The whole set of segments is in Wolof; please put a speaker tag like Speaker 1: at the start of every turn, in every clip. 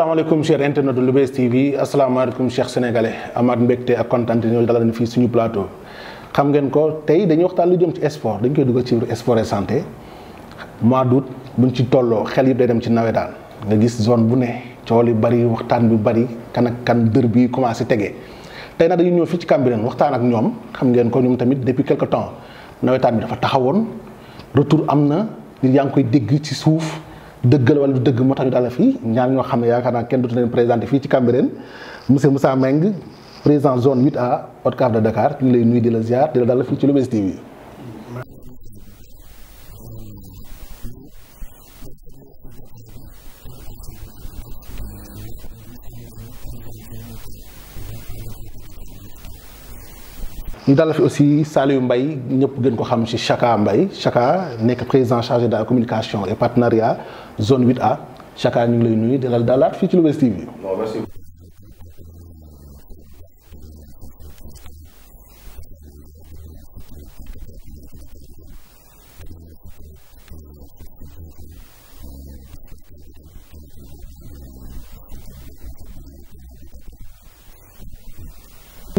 Speaker 1: asalaamaaleykum chers internautes de Lou'Bess TV asalaamaaleykum chers sénégalais amaat mbégte ak kontaan ñoo dalal leen fii suñu plateau xam ngeen ko tey dañuy waxtaan lu dem ci sport dañ koy dugal ci biir sport et santé mois bu buñ ci tolloo xel yi day dem ci nawetaan nga gis zone bu ne coow li bari waxtaan bi bari kan ak kan dër bi commencé tege tey nag dañu ñëw fii ci Cambérène waxtaan ak ñoom xam ngeen ko ñoom tamit depuis quelque temps nawetaan bi dafa taxawoon retour am na nit yaa ngi koy dégg ci suuf. dëggal wala du dëgg moo tax ñu daal fii ñaar ñoo xam ne yaakaar naa kenn dootu leen présenté fii ci Cambérène monsieur Moussa Meng président zone 8A ODCAV de Dakar ñu lay nuyu di la ziar di la dalal fii ci Lou'Bess TV ñu dalal fi aussi Saliou Mbaye ñëpp gën ko xam ci mbay Mbaye Chaka nekk président chargé de la communication et partenariat zone 8A Chaka ñu ngi lay nuyu dalal dalaat ci Lou'Bess TV.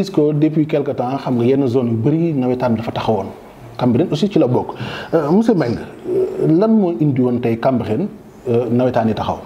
Speaker 1: gis ko depuis quelque temps xam nga yenn zone yu bëri nawetaan dafa taxawoon Cambérène aussi ci la bokk euh, monsieur Mbengue euh, lan moo indi woon tey Cambérène euh, nawetaan yi taxaw.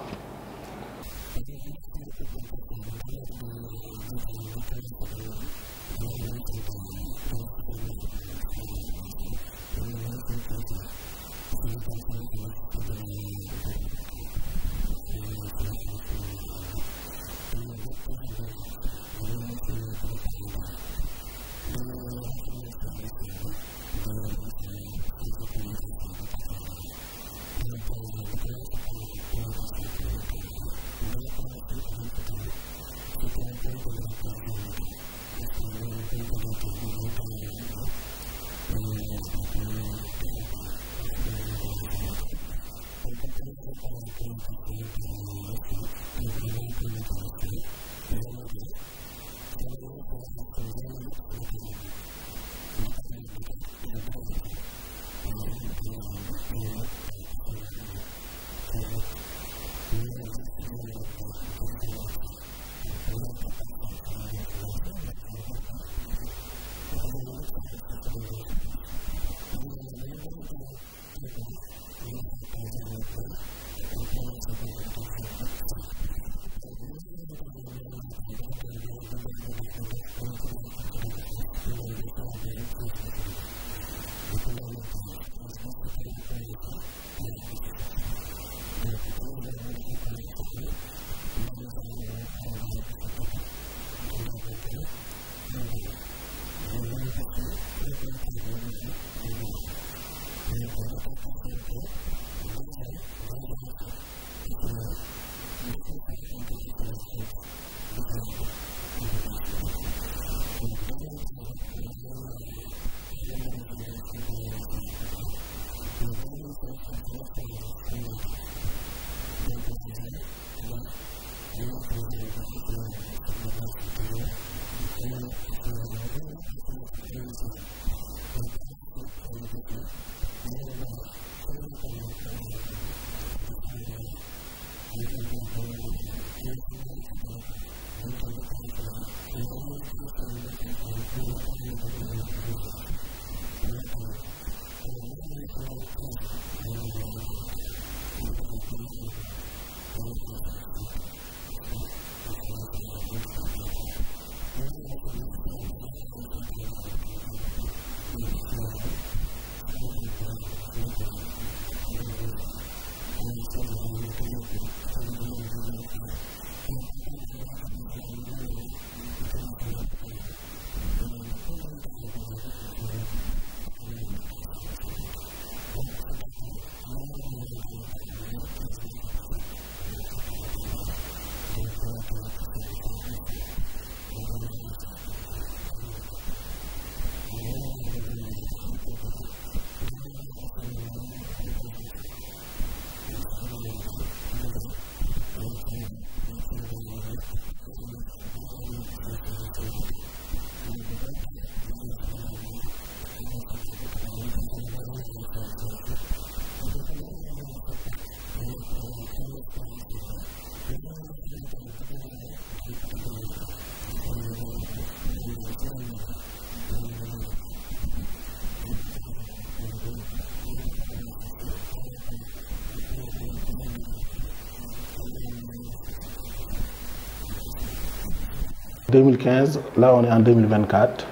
Speaker 1: 2015 là on est en 2024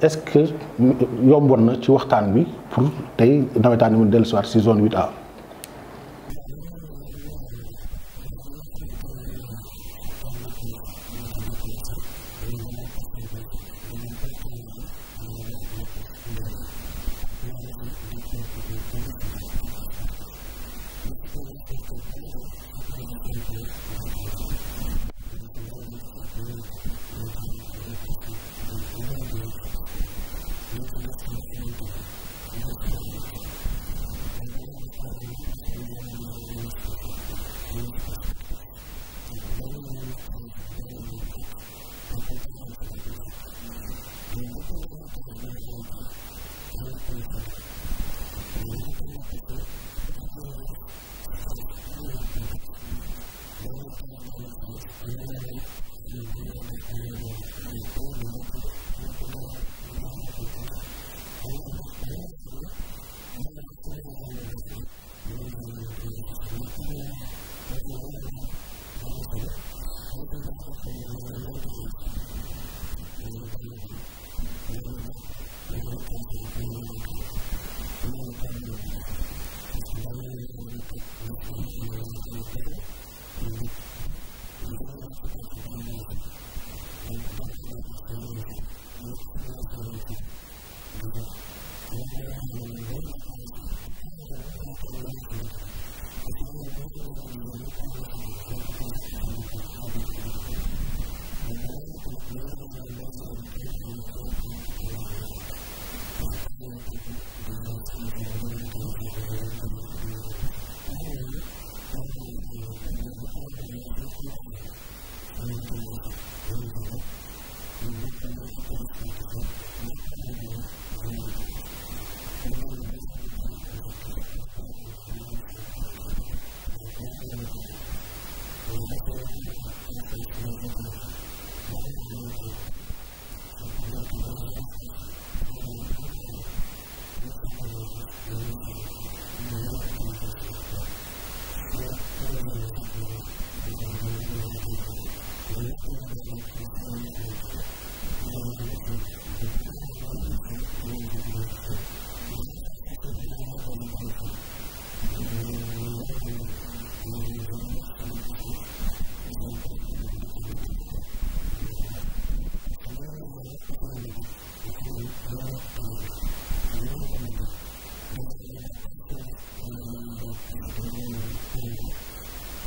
Speaker 1: est-ce que euh, yomboon na ci waxtaan bi pour tey nawetaan bi mu dellusiwaat si zone 8A.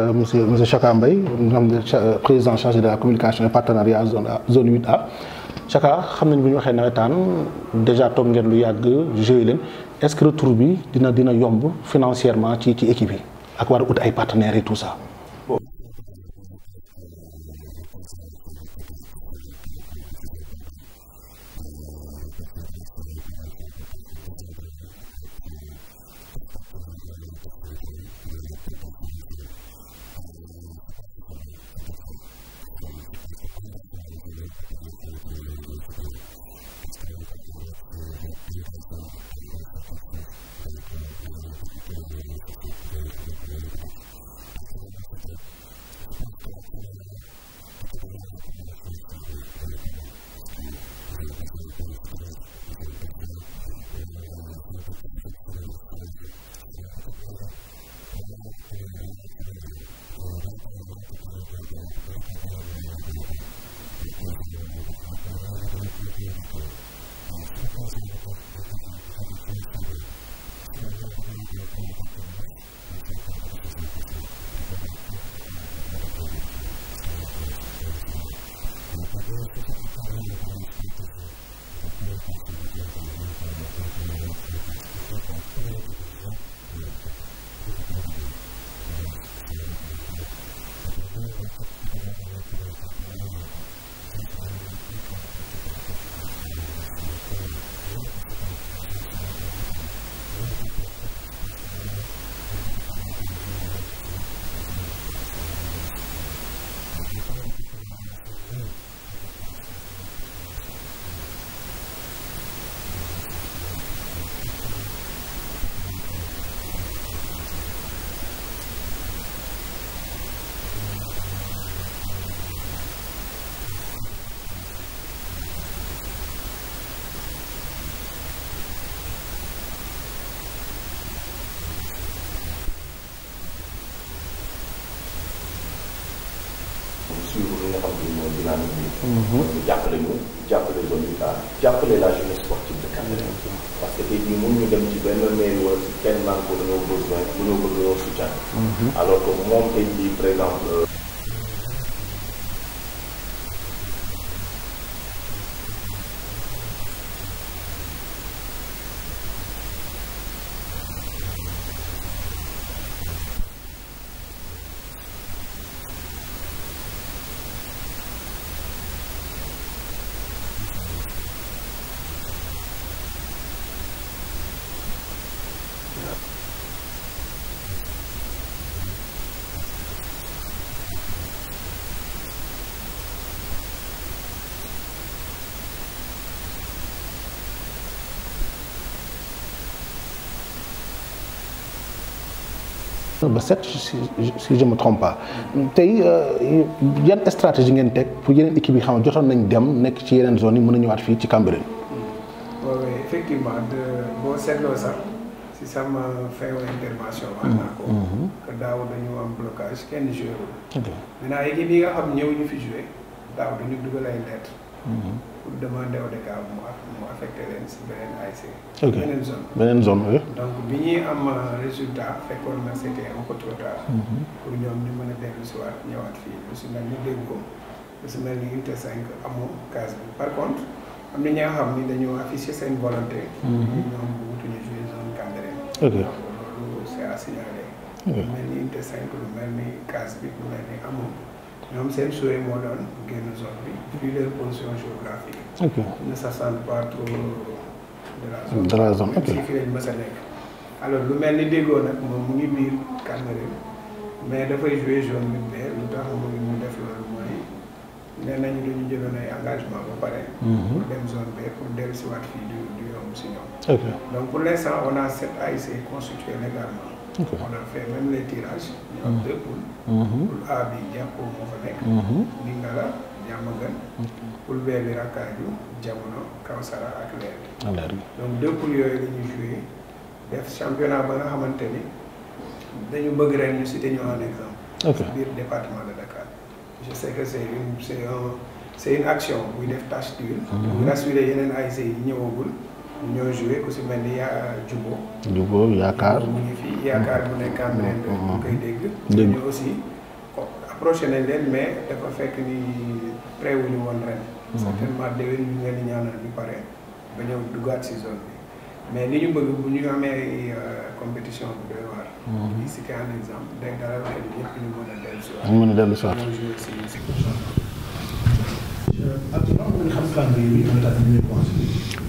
Speaker 1: Euh, monsieur monsieur Chaka Mbaye euh, président chargé de la communication et partenariat zone zone 8A. Chaka xam nañ bu ñu waxee nawetaan déjà toog ngeen lu yàgg joué leen est-ce que retour bi dina dina yomb financièrement ci ci équipe yi ak war a ut ay partenaire et tout ça.
Speaker 2: xam ne mooy dynamique bi. ñu mhm. jàppale ñu jàppale zone rurale jàppale la jeunesse sportive de Cambérène. parce que tey jii mënuñu dem ci benn mairie wala ci kenn naan ko dañoo besoin dañoo bëgg dañoo soutien. Mhm. alors que moom tey jii par exemple. Euh,
Speaker 1: ba sept si si je me trompe pas tey euh, yan stratégie ngeen teg pour yeneen équipe yi xam ne jotoon nañ dem nekk ci yeneen zone yi mun a ñëwaat fii ci Cambérène.
Speaker 3: waaw effectivement boo seetloo sax si sama feewu intervention. wax naa ko. Mm-hmm. Mm-hmm. que daaw dañu am blocage kenn joué wu. maintenant équipe yi nga xam ñëw ñu fi joué daaw dañu dugal ay lettres. Mm-hmm. pour demander au DCAV mu affecté leen si beneen ASC. ok beneen zone beneen zone donc bi ñuy am résultat fekkoon na c'était un peu trop mhm. pour ñoom ñu mën a dellu si waat ñëwaat fii lu si mel ni dégg ko lu si mel ni unité 5 amul case bi par contre am na ñoo xam ni dañu affiché seen volonté. ñu mhm. ñoom wutuñu jouer zone Cambérène. ok loolu c'est à mel ni unité 5 lu mel ni case bi mel ni amul. ñoom seen souhait moo doon génn zone bi puis leur position géographique. ne s'assente pas de la zone. ok si fi lañ mës a nekk. alors lu mel ni déggoo nag moom mu ngi biir Cambérène mais dafay jouer zone bi mais lu tax mu ngi mu def lu mooy nee nañu dañu jëloon ay engagement ba pare. Mhm. pour dem zone B pour dellusiwaat fii du du yomb si ñoom. donc pour l'instant on a sept AIC constitués légalement. on a fait même les tirages. ñu am deux poules. A bi jàppoo moo fa nekk. Lingala Diamaguène. poule B bi Rakkaaju Jamono Kawsara ak Leer. Ah, donc deux poules yooyu la ñuy def championnat ba nga xamante ni dañu bëgg ren ñu cité ñu en exemple. ok biir département de Dakar. je sais que c' une c' une action buy def tâche d'huile. pour rassurer yeneen ay say yi ñëwagul. ñoo joué ku si mel ni euh, Jubo.
Speaker 1: Jubo yaakaar mu ngi
Speaker 3: fi yaakaar mu nekk am nañ ko koy dégg. dégg ñu aussi approché nañ leen mais dafa fekk ni pré wu ñu woon rek mm-hmm. certainement déwén ñu ngeen di ñaanal ñu pare ba ñëw duggaat si zone bi mais ni ñu bëgg bu ñu amee euh, compétition bu doy waar. di mm-hmm. citer un exemple day dalal xel ñëpp ñu mën a dellu si waat. ñu dellu si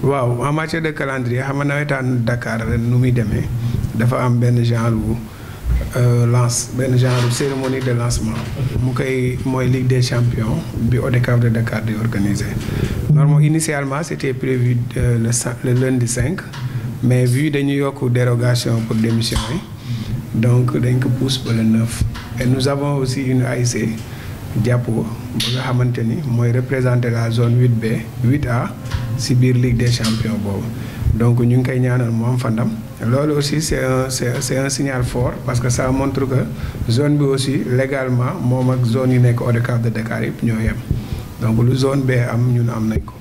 Speaker 3: waaw en matière de calendrier xam nga nawetaan Dakar nu muy demee dafa am benn genre wu euh, lance benn genre cérémonie de lancement. mu koy mooy Ligue des champion bi ODCAV de Dakar di organisé. normalement initialement c' était prévu euh, le le lundi 5 mais vu dañu yokk dérogation pour démission yi donc dañ ko pousse ba le 9. et nous avons aussi une AIC. jàpp ko ba nga xamante ni mooy représenter la zone 8B 8A si biir Ligue des champions boobu donc ñu ngi koy ñaanal mu am fa ndam loolu aussi c' est un c' est un signal fort parce que ça montre que zone bi aussi légalement moom ak zone yi nekk ODCAV de Dakar yëpp ñoo yem donc lu zone B am ñun am nañ ko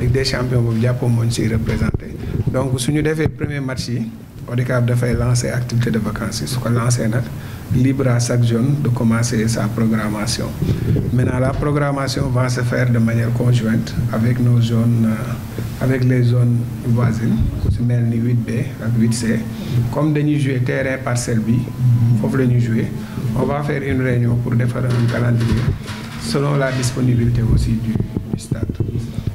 Speaker 3: Ligue des champions boobu jàppoo mooñ si siy représenté donc suñu defee premier match yi ODCAV dafay lancer activité de vacances yi su ko lancé libre à chaque jeune de commencer sa programmation. Maintenant, la programmation va se faire de manière conjointe avec nos zones, euh, avec les zones voisines, su mel ni 8B ak 8C. Comme parcelle bi foofu la ñuy jouer on va faire une réunion pour defar un calendrier selon la disponibilité aussi du, du stade.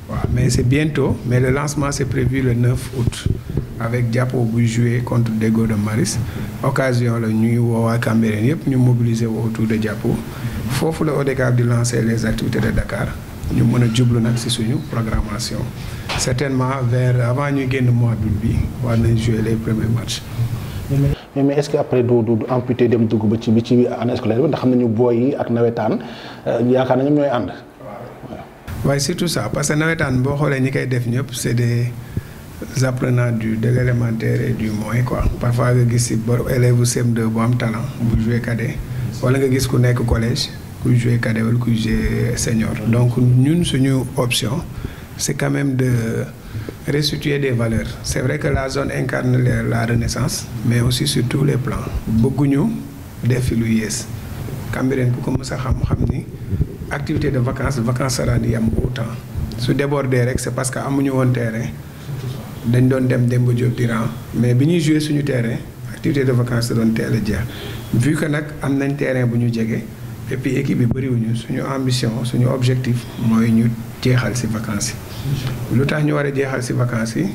Speaker 3: Voilà. Mais c'est bientôt, mais le lancement c'est prévu le août avec Diapo buy jouer contre Dego de Maris. occasion la ñuy woowaa Cambérène yëpp ñu mobiliser wu autour de Diapo foofu la ODCAV di lancer les activités de Dakar ñu mën a jublu nag ci suñu programmation certainement vers avant ñuy génn mois d'août bi war nañ jouer les premiers matchs.
Speaker 1: mais mais est-ce que après du du dem dugg ba ci bi ci année scolaire bi ndax xam nañu booy yi ak nawetaan euh, yaakaar na ñoom ñooy ànd.
Speaker 3: waaye surtout ça parce que nawetaan boo xoolee ñi koy def ñëpp c'est des. apprenants du de l'élémentaire du moyen quoi parfois nga gis si bor élève CM2 bu am talent bu joué cadet wala nga gis ku nekk collège kuy joué cadet wala kuy joué senior donc ñun suñu option c'est quand même de restituer des valeurs c'est vrai que la zone incarne la renaissance mais aussi surtout les plans bëgguñu def lu yées Cambérène ku ko mës a xam-xam ni activité de vacances vacances sera di am au temps su déborder rek c'est parce que amuñu woon terrain dañ doon dem Demba Diop di ran mais bi ñuy joué suñu terrain activité de vacances da doon teel a jeex vu que nag am nañ terrain bu ñu jege et puis équipe bi bëriwuñu suñu ambition suñu objectif mooy ñu jeexal ci vacances yi. lu tax ñu war a jeexal ci vacances yi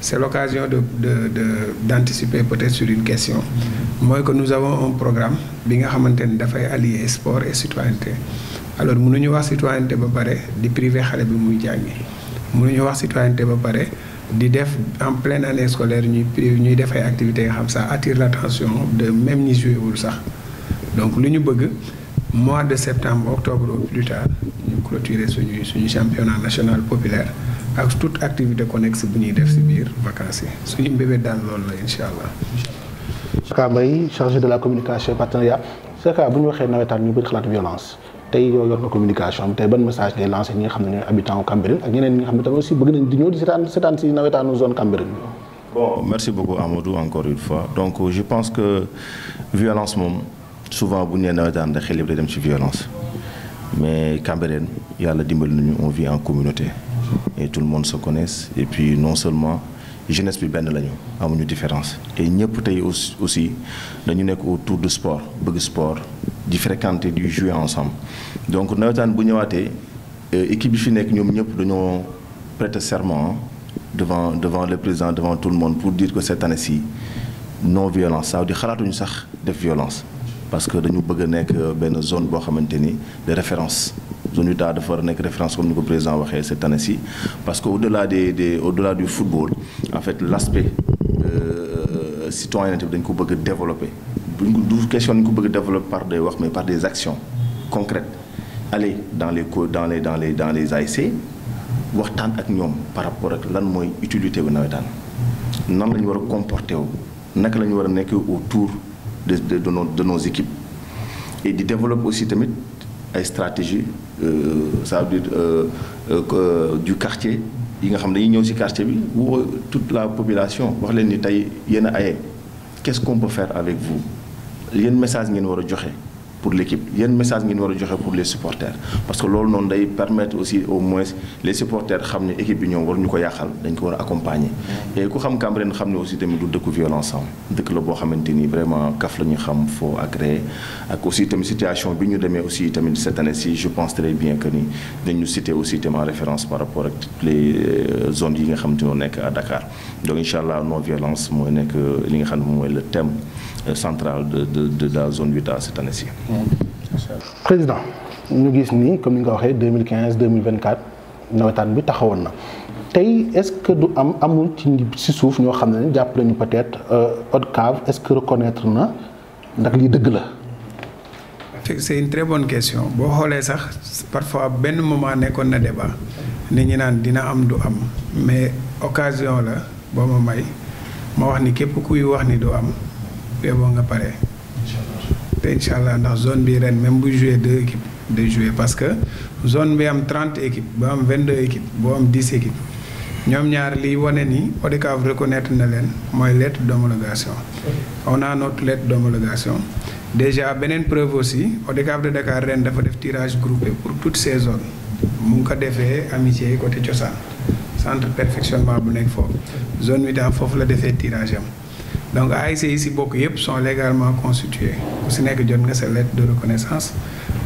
Speaker 3: c' est de de de d' anticiper peut être sur une question. mooy que nous avons un programme bi nga xamante ni dafay allier sport et citoyenneté alors mënuñu wax citoyenneté ba pare di privé xale bi muy jàngi mënuñu wax citoyenneté ba pare. di def en pleine année scolaire ñuy ñuy def ay activités yoo xam ça attire l'attention de même ñi joué wul sax donc lu ñu bëgg mois de septembre octobre au plus tard ñu clôturer suñu suñu championnat national populaire ak toute activité connexe bu ñuy def si biir vacances yi suñu mbébét daal lool la incha allah.
Speaker 1: Chaka Mbaye de la communication et partenariat Chaka bu ñu waxee nawetaan ñu bëri xalaat violence. tey yow yor nga communication bi tey ban message ngay lancé ñi nga xam ne ñooy habitants Cambérène ak ñeneen ñi nga xam ne tamit aussi bëgg nañ di ñëw di seetaan seetaan si nawetaanu zone Cambérène
Speaker 2: merci beaucoup Amadou encore une fois donc je pense que violence moom souvent bu ñu nee nawetaan da xel yëpp day dem ci violence mais Cambérène yàlla dimbali nañu on vit en communauté et tout le monde se connaisse et puis non seulement. jeunesse bi benn lañu amuñu différence et ñëpp tey aussi dañu nekk autour du sport bëgg sport di fréquenter du jouer ensemble donc nawetaan bu ñëwaatee euh, équipe bi fi nekk ñoom ñëpp dañoo prêter serment devant devant le président devant tout le monde pour diir que cette année-ci non violence ça veut dire xalaatuñu sax def violence parce que dañu bëgg a nekk euh, benn zone boo xamante ni de référence UNITA dafa war a nekk référence comme ni ko président waxee cette année parce que au delà des des au delà du football en fait l' aspect euh, citoyenneté bi dañ ko bëgg a développer buñ ko du question dañ ko bëgg a développer par de wax mais par des actions concrètes aller dans les dans les dans les dans les ASC waxtaan ak ñoom par rapport ak lan mooy utilité bu nawetaan nan la ñu war a comporté wu naka la ñu war a nekk autour de de nos de nos équipes et di développer aussi tamit. ay stratégie euh, ça veut dire euh, euh, du quartier yi nga xam ne yi ñëw ci quartier bi woo toute la population wax leen ni tey yéen a aye qu'est-ce qu'on peut faire avec vous yéen message ngeen war a joxe pour l'équipe yan message ngeen war a joxe pour les supporters parce que loolu noonu day permettre aussi au moins les supporters xam ne équipe bi ñoom waruñu ko yàqal dañ ko war a accompagner. et ku xam Cambérène xam ne aussi tamit du dëkku violence am dëkk la boo xamante ni vraiment kaf la ñu xam foo agréé ak aussi tamit situation bi ñu demee aussi tamit cette année ci je pense très bien que ni dañu citer aussi tamit en référence par rapport ak toutes euh, yi nga xam te noo nekk à Dakar donc incha allah non violence mooy nekk euh, li nga xam ne mooy le thème euh, central de zone 8A cette
Speaker 4: président
Speaker 1: ñu gis nii comme ni nga ko waxee 2015 2024 nawetaan bi taxawoon na tey est-ce que du am amul ci si suuf ñoo xam ne jàpp nañu peut-être euh, ODCAV est-ce que reconnaître na ndax lii dëgg la.
Speaker 3: c'est une très bonne question boo xoolee sax parfois benn moment nekkoon na de ba nit ñi naan dina am du am mais occasion la boo ma may ma wax ni képp kuy wax ni du am yóbboo nga pare. participer allah ndax zone bi ren même bu joue deux équipes day jouer parce que zone bi am trente équipes ba am vingt équipes boo am dix équipes ñoom ñaar liy wane ni ODCAV reconnaître na leen mooy lettre d'homologation on a notre lettre d'homologation déjà beneen preuve aussi ODCAV de Dakar ren dafa def tirage groupé pour toutes ces zones mu ko defee amitié côté cosaan centre perfectionnement bu nekk foofu zone bi daal foofu la defee tirage am donc ASC yi si bokk yëpp son légalement constitués ku si nekk jot nga sa lettre de reconnaissance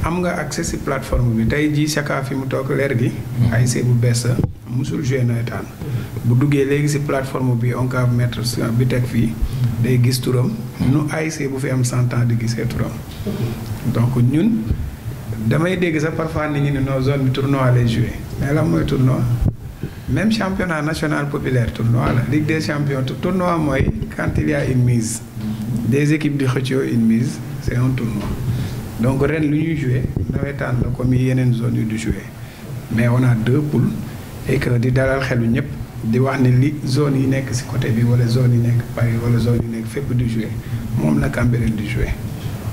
Speaker 3: am nga accès si plateforme bi tey jii Saka fi mu toog leer gi. Mm-hmm. ASC bu bees sa musul joué nawetaan bu duggee léegi si plateforme bi on va mettre bi teg fii day gis turam mm-hmm. nu ASC bu fi am cent ans di gisee turam donc ñun damay dégg sax parfois nit ñu ne non zone bi tournoi lay joué mais lan mooy tournoi. même championnat national populaire tournoi la Ligue des champions tournoi mooy quand il y une mise des équipes di xëccoo une mise c'est un tournoi donc ren lu ñuy joué nawetaan la comme yeneen zone yu du joué mais on a deux poules et di dalal xelu ñëpp di wax ne li zone yi nekk ci côté bi wala zone yi nekk Paris wala zone yi nekk fépp du joué moom la Cambérène di joué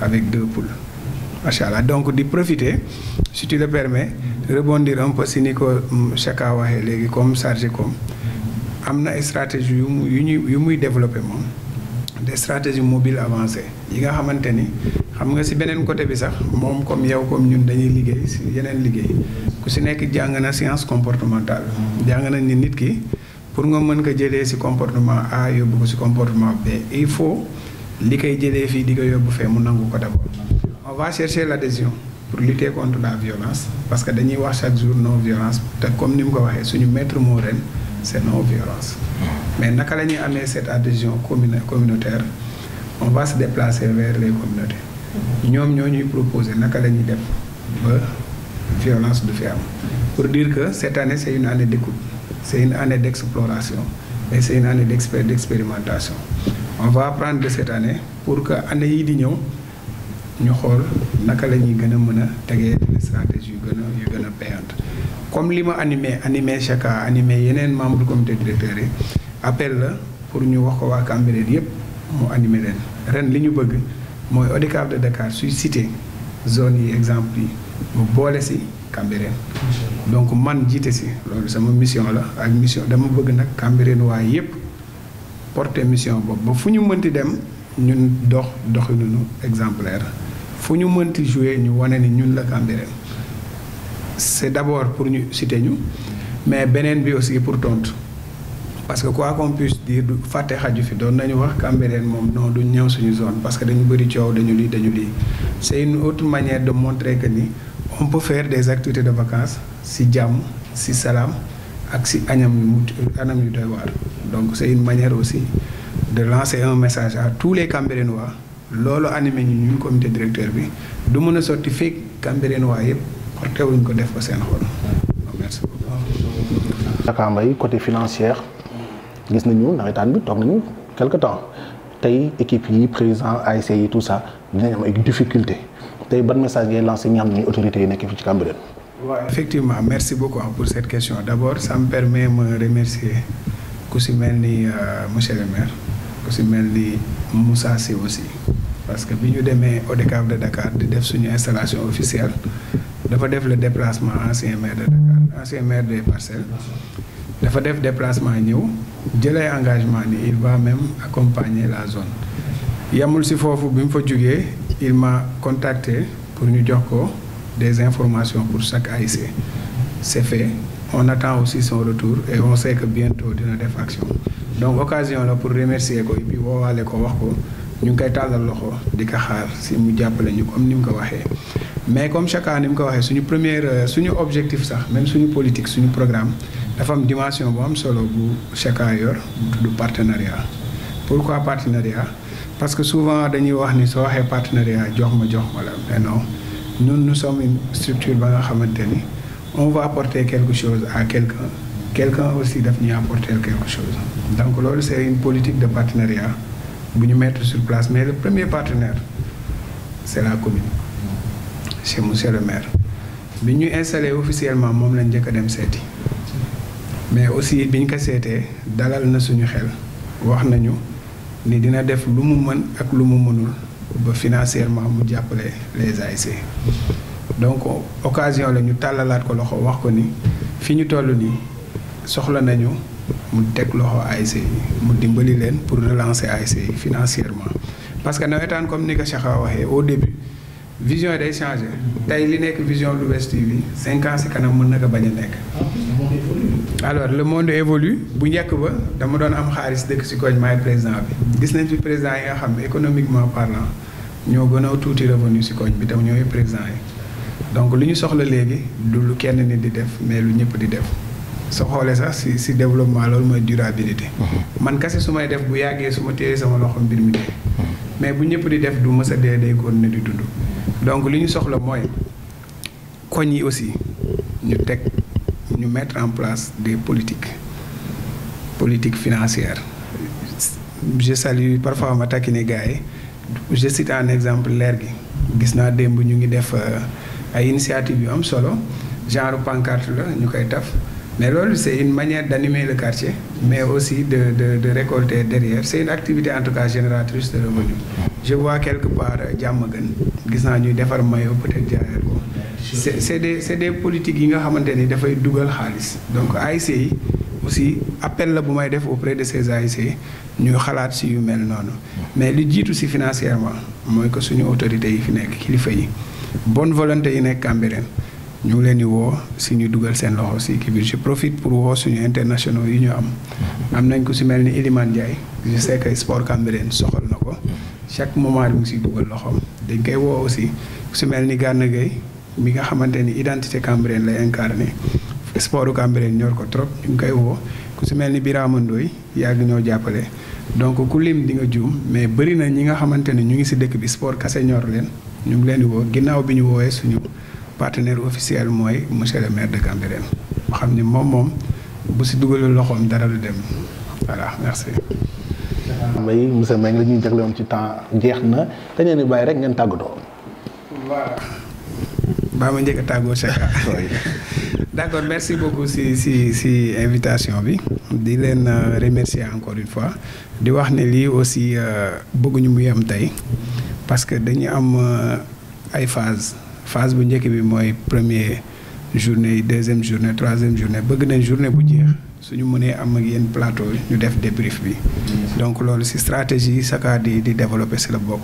Speaker 3: avec deux poules macha allah donc di profiter si tu le permets rebondir un si ni ko mm, Chaka waxee léegi comme chargé comme am na stratégie yu mu yu ñuy yu muy développé moom des stratégies mobiles avancé yi nga xamante ni xam nga si beneen côté bi sax moom comme yow comme ñun dañuy liggéey si yeneen liggéey ku si nekk jàng na science comportementale jàng nañ ni nit ki pour nga mën ko jëlee si comportement A yóbbu ko si comportement B il faut li koy jëlee fii di ko yóbbu fee mu nangu ko d'abord on va chercher l'adhésion pour lutter contre la violence parce que dañuy wax chaque jour non violence te comme ni mu ko waxee suñu maître moo ren c'est non violence mais naka la ñuy amee cette adhésion commune communautaire on va se déplacer vers les communautés ñoom ñoo ñuy proposer naka la ñuy def ba violence du fi am pour dire que cette année c'est une année d'écoute c'est une année d'exploration et c'est une année d'expérimentation on va prendre de cette année pour que année yi di ñëw ñu xool naka la ñuy gën a mën a tegee stratégie yu gën a yu gën a payante comme li ma animé animé chaka animé yeneen membre comité directeur yi appel la pour ñu wax ko waa Cambérène yëpp mu animé leen ren li ñu bëgg mooy ODCAV de Dakar suy cité zone yi exemple yi mu boole si Cambérène donc man jiite si loolu sama mission la ak mission dama bëgg nag Cambérène waaye yëpp porte mission boobu ba fu ñu mënti dem ñun dox doxinu exemplaire fu ñu mënti jouer ñu wane ni ñun la Cambérène c'est d'abord pour ñu citer ñu mais beneen bi aussi pour tontu parce que quoi qu'on puisse dire du fàtte xaju fi doon nañu wax Cambérène moom non du ñëw suñu zone parce que dañu bëri coow dañu lii dañu lii c'est une autre manière de montrer que ni on faire des activités de vacances si jàmm si salaam ak si añam yu anam yu doy waar donc c'est une manière aussi de lancer un message à tous les Cambérénois loolu animé ñu ñun comité directeur bi du mën a sotti fekk Cambérène waa yëpp porté wuñ ko def ko seen xol.
Speaker 1: merci beaucoup. côté financière gis nañu nawetaan bi toog nañu quelque temps tey équipe yi président ASC yi tout ça dinañ am ay difficulté tey ban message ngay lancé ñi xam ne autorités yi nekk fii ci Cambérène.
Speaker 3: waaw effectivement merci beaucoup pour cette question d' abord ça me permet ma remercier ku si mel ni euh, monsieur le maire ku si mel ni Moussa aussi. parce que bi ñu demee ODCAV de Dakar di def suñu installation officielle dafa def le déplacement ancien maire de Dakar ancien maire des parcelles dafa def déplacement ñëw jëlee engagement ni il va même accompagner la zone yamul si foofu bi mu fa jógee il m'a contacté pour ñu jox ko des informations pour chaque AIC c'est fait on attend aussi son retour et on sait que dina def action donc occasion la pour remercier ko et puis ko wax ko ñu ngi koy tàllal loxo di ka xaar si mu jàppale ñu comme ni mu ko waxee mais comme chaque année ni mu ko waxee suñu première suñu objectif sax même suñu politique suñu programme dafa am dimension bu am solo bu chaque année yor du partenariat. pourquoi partenariat parce que souvent dañuy wax ni soo waxee partenariat jox ma jox ma la mais non ñun nous sommes une structure ba nga xamante ni on va porter quelque chose à quelqu'un quelqu'un aussi daf ñuy apporter quelque chose donc loolu c'est une politique de partenariat. bu ñu mettre sur place mais le premier partenaire c'est la commune c'est monsieur le bi ñu installé officiellement moom lañ njëkk dem seeti mais aussi bi ñu ko seetee dalal na suñu xel wax nañu ni dina def lu mu mën ak lu mu mënul ba financièrement mu jàppale les ASC donc occasion la ñu tàllalaat ko loxo wax ko ni fi ñu toll nii soxla nañu mu teg loxo ASC yi mu dimbali leen pour relancer ASC yi financièrement parce que nawetaan comme ni ko Cheikha waxee au début vision yi day changé tey li nekk vision Lou'Bess bi cinq ans si kanam mën na ko bañ a nekk alors le monde évolue bu njëkk ba dama doon am xaalis dëkk si koñ maay président bi gis nañ fi président yi nga xam ne économiquement parlant ñoo gën a tuuti revenu si koñ bi tam ñooy président yi donc lu ñu soxla léegi du lu kenn nit di def mais lu ñëpp di def soo xoolee sax si développement loolu mooy durabilité. Mm-hmm. man kese su may def bu yàggee su ma téyee sama loxo mbir mi dee.
Speaker 4: Mm-hmm.
Speaker 3: mais bu ñëpp di def du mës a dee day ne di dund. donc li ñu soxla mooy koñ yi aussi ñu teg ñu mettre en place des politiques politiques financières je salue parfois ma taquine gars yi je cite un exemple leer gi gis naa démb ñu ngi def euh, ay initiative yu am solo genre pancarte la ñu koy taf. mais loolu c' est une manière d' animer le quartier mais aussi de de récolter derrière c' est activité en tout cas génératrice de revenu je vois quelque part Diamaguène euh, gis naa ñuy defar maillot peut-être jaayaat ko c'est c' est des c' est des politiques yi nga xamante ni dafay dugal xaalis donc ASC aussi appel la bu may def auprès de ces ASC ñuy xalaat si yu mel noonu mais li jiitu si financièrement mooy que suñu autorités yi fi nekk kilifa yi bonne volonté yi nekk Cambérène ñu ngi leen di woo si ñu dugal seen loxo si kii bi je profite pour woo suñu internationaux yu ñu am. Mm-hmm. am nañ ko si mel ni Ilimane Ndiaye je sais que sport soxal na ko mm-hmm. chaque moment mu ngi siy loxoom dañ woo aussi su mel ni Gana Gueye mi nga xamante ni identité Cambérène lay incarné sport Cambérène ñor ko trop ñu ngi koy woo ku si mel ni Birame yàgg ñoo jàppale. donc ku lim di nga juum mais bëri na ñi nga xamante ne ñu ngi si dëkk bi sport kase ñor leen ñu ngi leen di woo ginnaaw bi ñu woowee suñu. partenaire officiel mooy monsieur le maire de Cambérène ma xam ni moom moom bu si dugalul loxoom dara lu dem voilà merci.
Speaker 1: mbay monsieur Mbengue la ñuy jaglewoon ci temps jeex na te yu bàyyi rek ngeen tàggatoo. voilà. baa ma
Speaker 3: njëkk tàggoo Cheka. d' accord merci beaucoup si si si invitation bi. di leen euh, remercier encore une fois. di wax ne lii aussi euh, bëgguñu mu yem tey parce que dañu am euh, ay phase phase bu njëkk bi mooy premier journée yi deuxième journée troisième journée bëgg nañ journée bu jeex suñu munee am ak yéen plateau ñu def débrief bi donc loolu si stratégie yi Saka di di développer ci la bokk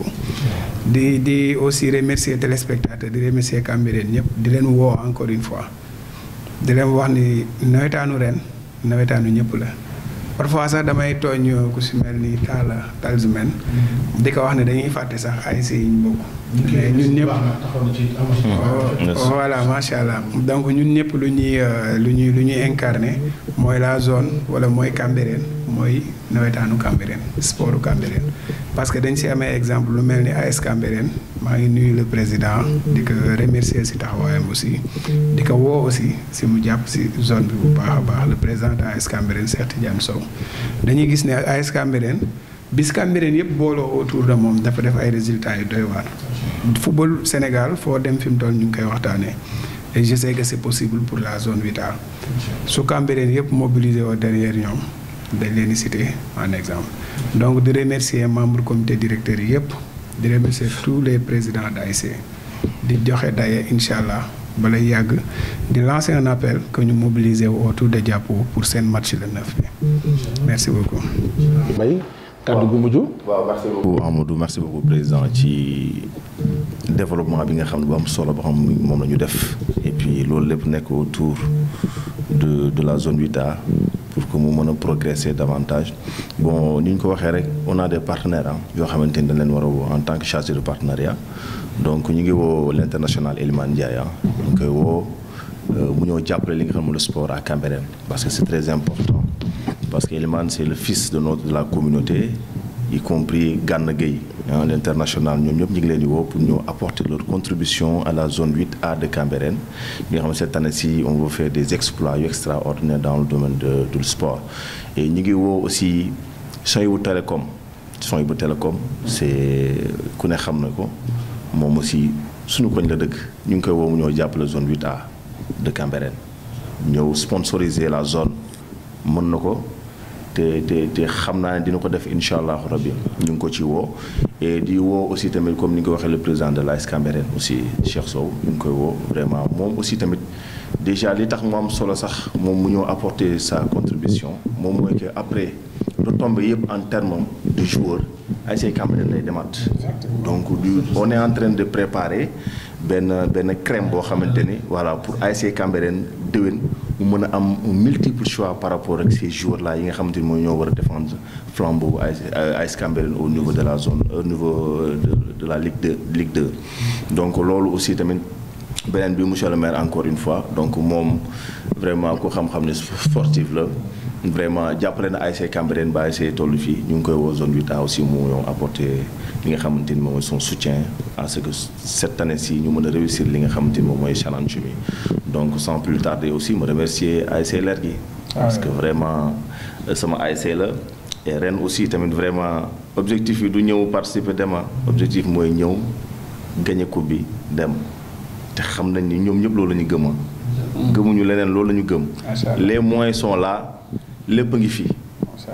Speaker 3: di di aussi remercier téléspectateurs di remercier Cambérène ñëpp di leen woo encore une fois di leen wax ni nawetaanu ren nawetaanu ñëpp la parfois sax damay tooñ ku si mel ni taala talsmen
Speaker 4: mm-hmm.
Speaker 3: di ko wax ne dañuy fàtte sax ay si ñu bokk ñun ñëpp mm-hmm. oh, voilà macha allah donc ñun ñëpp lu ñuy euh, lu ñuy lu ñuy incarné mooy la zone wala mooy Cambérène mooy nawetaanu Cambérène sportu Cambérène parce que dañ si amee exemple lu mel ni AS Cambérène maa ngi nuyu le président mm-hmm. di ko remercier si taxawaayam mm-hmm. aussi mm-hmm. di ko woo aussi si mu jàpp si zone bi bu baax a baax le président de AS Cambérène Cheikh Tidiane Sow dañuy gis ne ak AS Cambérène bis Cambérène yëpp booloo autour de moom dafa def ay résultats yu doy waar football Sénégal foo dem fi mu toll ñu ngi koy waxtaanee et je sais possible pour la zone vitale su Cambérène yëpp mobilisé au derrière ñoom dañ leen di citer en exemple donc di remercier membre comité directeur yëpp di remercier tous les présidents d'ASC di joxe daye incha allah balay yàgg di lancer un appel que ñu mobiliser autour de Diapo pour seen match la 9
Speaker 2: bi merci beaucoup. Mbaye kàddu gu mujj. waaw merci beaucoup Amadou merci beaucoup président ci développement bi nga xam ne bu am solo boo xam moom la ñu def et puis loolu lépp nekk autour de de la zone 8A. pour ko mu mën a progresser davantage bon ni ñu ko waxee rek on a des partenaires ah yoo xamante ni dañ leen war en tant que chargé de partenariat donc ñu ngi woo l' international Elimane Ndiaye ñu ngi koy woo euh, mu ñëw jàppale li nga xam ne le sport à Cambérène parce que c' est très important parce que Elimane c' le fils de notre de la communauté y compris Gana Gueye ah l'international ñoom ñëpp ñu ngi leen di woo pour ñu apporter leur contribution à la zone 8A de Cambérène bi nga xam ne cette année ci on veut faire des exploits yu extraordinaires dans ñu ngi woo aussi Soyibu Télécom Soyibu Télécom c'est ku ne xam na ko moom aussi suñu koñ la dëkk ñu ngi koy woo mu ñëw jàppale zone 8A de Cambérène ñëw sponsoriser la zone mën na ko te te te xam naa ne dina ko def incha allahu rabbi ñu ngi ko ci woo et di woo aussi tamit comme ni nga ko waxee le président de l'AS Cambérène aussi Cheikh Sow ñu ngi koy woo vraiment moom aussi tamit déjà li tax mu am solo sax moom mu ñëw apporter sa contribution moom mooy que après retombées yëpp en termes de joueurs AS Cambérène lay demaat. donc du on est en train de préparer benn benn crème boo xamante ni voilà pour AS Cambérène déwén. mu mën a am multiple choix par rapport ak ces joueurs là yi nga xamante ni mooy ñoo war a défendre flambeau AS euh, Cambérène au niveau de la zone euh, au niveau euh, de la Ligue 2 Ligue 2 donc loolu aussi tamit beneen bi monsieur le maire encore une fois donc moom vraiment ku xam-xam ne sportif la vraiment jàppale na ASC Cambérène ba ASC tollu fii ñu ngi koy woo zone 8A aussi mu ñoo apporter li nga xamante ni moom mooy son soutien à ce que cette année si ñu mën a réussir li nga xamante ni moom mooy challenge bi donc sans plus tarder aussi ma remercier ASC Leer gi ah parce que vraiment euh, sama ASC la ren aussi tamit vraiment objectif yi du ñëw participer dema ah. objectif mooy ñëw gañe coupe bi dem te xam nañ ni ñoom ñëpp loolu la ñu gëma ah. mm-hmm. gëmuñu leneen loolu la ñu gëm les moyens sont là lépp a ngi fii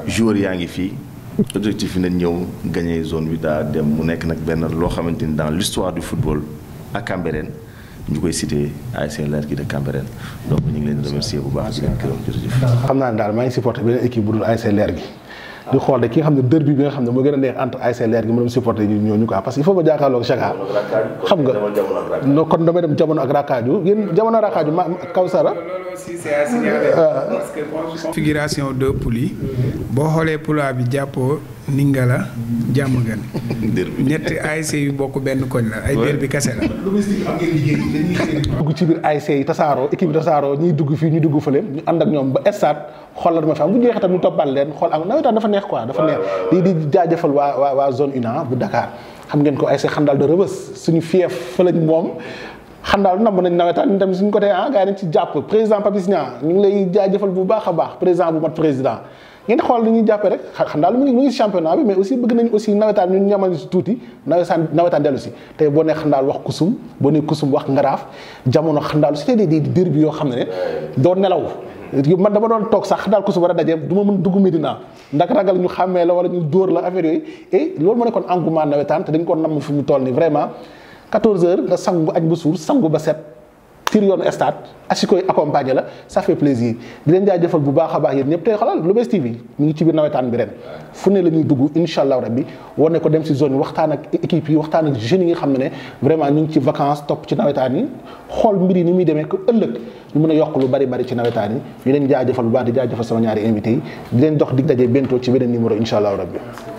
Speaker 2: joueurs yaa ngi fii objectif yi nañ ñëw gagné zone bi daa dem mu nekk nag benn loo xamante ni dans l'histoire du football à Cambérène ñu koy cité ASC Lergui de Cambérène donc ñu leen remercier bu baax di leen gërëm xam naa ne daal maa ngi supporté
Speaker 1: beneen équipe bu dul ASC Lergui di xool de ki nga xam ne derby bi nga xam ne moo gën a neex entre ASC Lergui mu dem supporté ñu ñooñu quoi parce il faut ma jàkkaarloog Chaka xam nga non kon damay dem jamono ak Rakaju yéen jamono Rakaju ma
Speaker 3: aussi c'est à signaler euh, de poule boo xoolee pulaa bi jàppoo Ningala jàmm gan. ñetti ASC yu bokk benn koñ la ay dér bi kese la. dugg
Speaker 1: ci biir ASC yi tasaaroo équipe bi tasaaroo ñuy dugg fii ñu dugg fële ñu ànd ak ñoom ba stade xool la dama fa am bu jeexee tam ñu toppal leen xool ak nawetaan dafa neex quoi dafa neex di di jaajëfal waa waa waa zone UNA bu Dakar xam ngeen ko ASC daal de Rebeuss suñu fief fa moom. xam daal namb nañ nawetaan ñun tamit suñu côté ah gars yi nañ ci jàpp président Papis Niang ñu ngi lay jaajëfal bu baax a baax président bu mat président ngeen xool li ñuy jàppee rek xam daal mu nawetaan ñun ñamal si tuuti nawetaan dellu si tey boo ne xam wax kusum boo ne kusum wax ngaraaf jamono xam daal c'était des derby yoo xam ne ne doo nelaw man dama doon toog sax daal ku su war a dajee du ma mën dugg Medina ragal ñu xàmmee la wala ñu dóor la affaire yooyu et loolu moo nekkoon engouement nawetaan te dañ ko namm fi mu vraiment 14 heures nga sangu añ ba suur sangu ba set tir yoonu stade asikoy accompagner la ça fait plaisir di leen jaajëfal bu baax a baax yéen ñëpp tey xoolal Lou'Bess TV mu ngi ci biir nawetaan bi ren fu ne la ñuy dugg incha allah rabbi wane ko dem si zone waxtaan ak équipe yi waxtaan ak jeunes nga xam ne ne vraiment ñu ngi ci vacances topp ci nawetaan yi xool mbir yi ni muy demee ko ëllëg ñu mën a yokk lu bari bari ci nawetaan yi ñu leen jaajëfal bu baax di jaajëfal sama ñaari leen dox dig daje bientôt ci beneen numéro incha allah rabbi